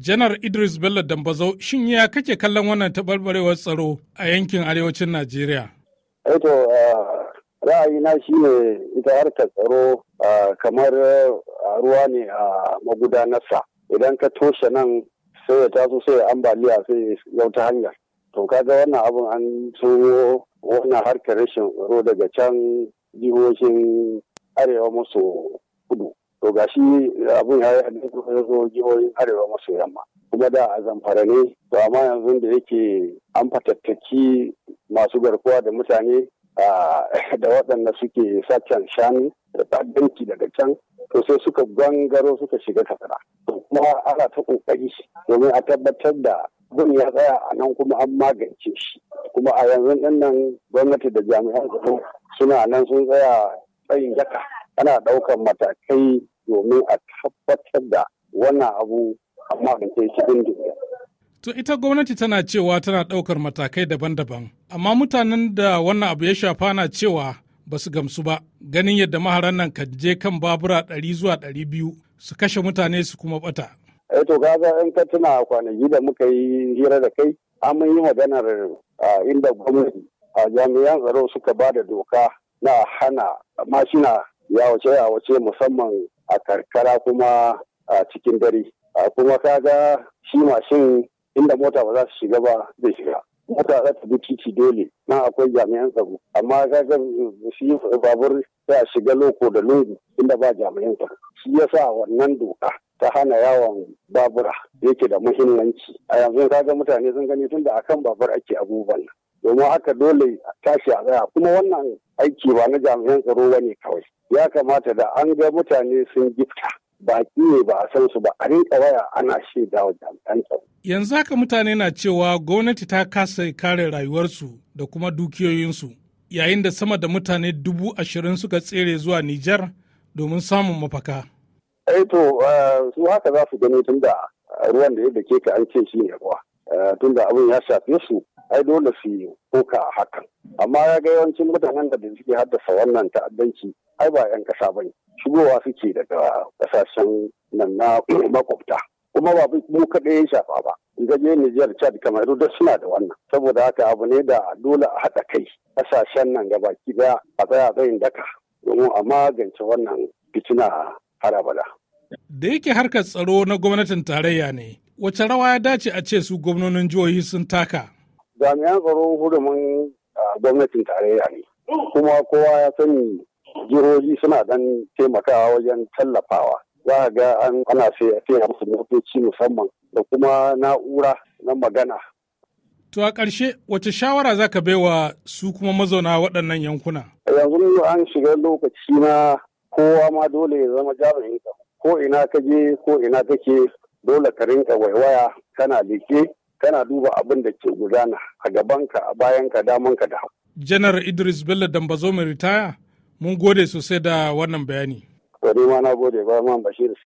janar idris bello dambazau shin ya kake kallon wannan taɓarɓarewar tsaro a yankin arewacin najeriya eto eh ra'ayina ne ita harkar tsaro kamar ruwa ne a magudanarsa idan ka toshe nan sai ya taso sai ya ambaliya sai ya ta hanyar to kaga wannan abin an tsoro wannan harkar rashin tsaro daga can jihohin arewa maso kudu to gashi abin ya yi zo jihohin arewa maso yamma kuma da a zamfara ne to amma yanzu da yake an fatattaki masu garkuwa da mutane da waɗanda suke sacan shanu da ta'addanci daga can to sai suka gangaro suka shiga kasara kuma ana ta ƙoƙari domin a tabbatar da gun ya tsaya a nan kuma an magance shi kuma a yanzu ɗin nan gwamnati da jami'an tsaro suna nan sun tsaya tsayin jaka ana ɗaukar matakai domin a tabbatar da wannan abu amma da ke cikin dinga. To ita gwamnati tana cewa tana ɗaukar matakai daban-daban, amma mutanen da wannan abu ya shafa na cewa ba su gamsu ba, ganin yadda maharan nan kan je kan babura ɗari zuwa ɗari biyu su kashe mutane su kuma ɓata. Eh to gaza in ka tuna kwanaki da muka yi hira da kai, an mun yi maganar inda gwamnati a jami'an tsaro suka ba da doka na hana mashina ya wace musamman a karkara kuma a cikin dare kuma ka ga shi mashin inda mota ba za su shiga ba zai shiga mota za ta bi titi dole na akwai jami'an tsaro amma ka ga shi babur sai a shiga loko da lungu inda ba jami'an tsaro shi ya sa wannan doka ta hana yawon babura yake da muhimmanci a yanzu ka ga mutane sun gani tun da akan babur ake abubuwan domin haka dole tashi a tsaya kuma wannan aiki ba na jami'an tsaro ba ne kawai ya kamata da an ga mutane sun gifta baki ne ba a san su ba a rinka waya ana shaida wa jami'an tsaro. Yanzu haka mutane na cewa gwamnati ta kasa kare rayuwarsu da kuma dukiyoyinsu yayin da sama da mutane dubu ashirin suka tsere zuwa Nijar domin samun mafaka. Eh, eh su haka za su gani tun da ruwan da ya ke ka an ce shi ne ruwa. Eh, tun da abin ya shafe su ai dole su yi koka a hakan amma ya ga yawancin mutanen da suke haddasa wannan ta'addanci ai ba 'yan kasa ba shigowa suke daga kasashen nan na makwabta kuma ba mu kaɗai ya shafa ba gaje Nijar Chad Kamaru duk suna da wannan saboda haka abu ne da dole a haɗa kai kasashen nan gabaki daya a tsaya tsayin daka domin a magance wannan fitina harabala. Da yake harkar tsaro na gwamnatin tarayya ne, wace rawa ya dace a ce su gwamnonin jihohi sun taka? jami'an tsaron a gwamnatin tarayya ne kuma kowa ya sani jihohi suna dan taimakawa wajen tallafawa za a ga an ana a musu motoci musamman da kuma na'ura na magana To a ƙarshe wace shawara za ka baiwa su kuma mazauna waɗannan yankuna? Yanzu an shiga lokaci na kowa ma dole ya zama jami'in ko ina ka je ko ina kake dole ka rinka waiwaya kana leke kana duba abin da ke gudana a gabanka a bayanka damanka da hau. janar idris bello dambazo mai ritaya mun gode sosai da wannan bayani. Wani ma na gode ba ma bashir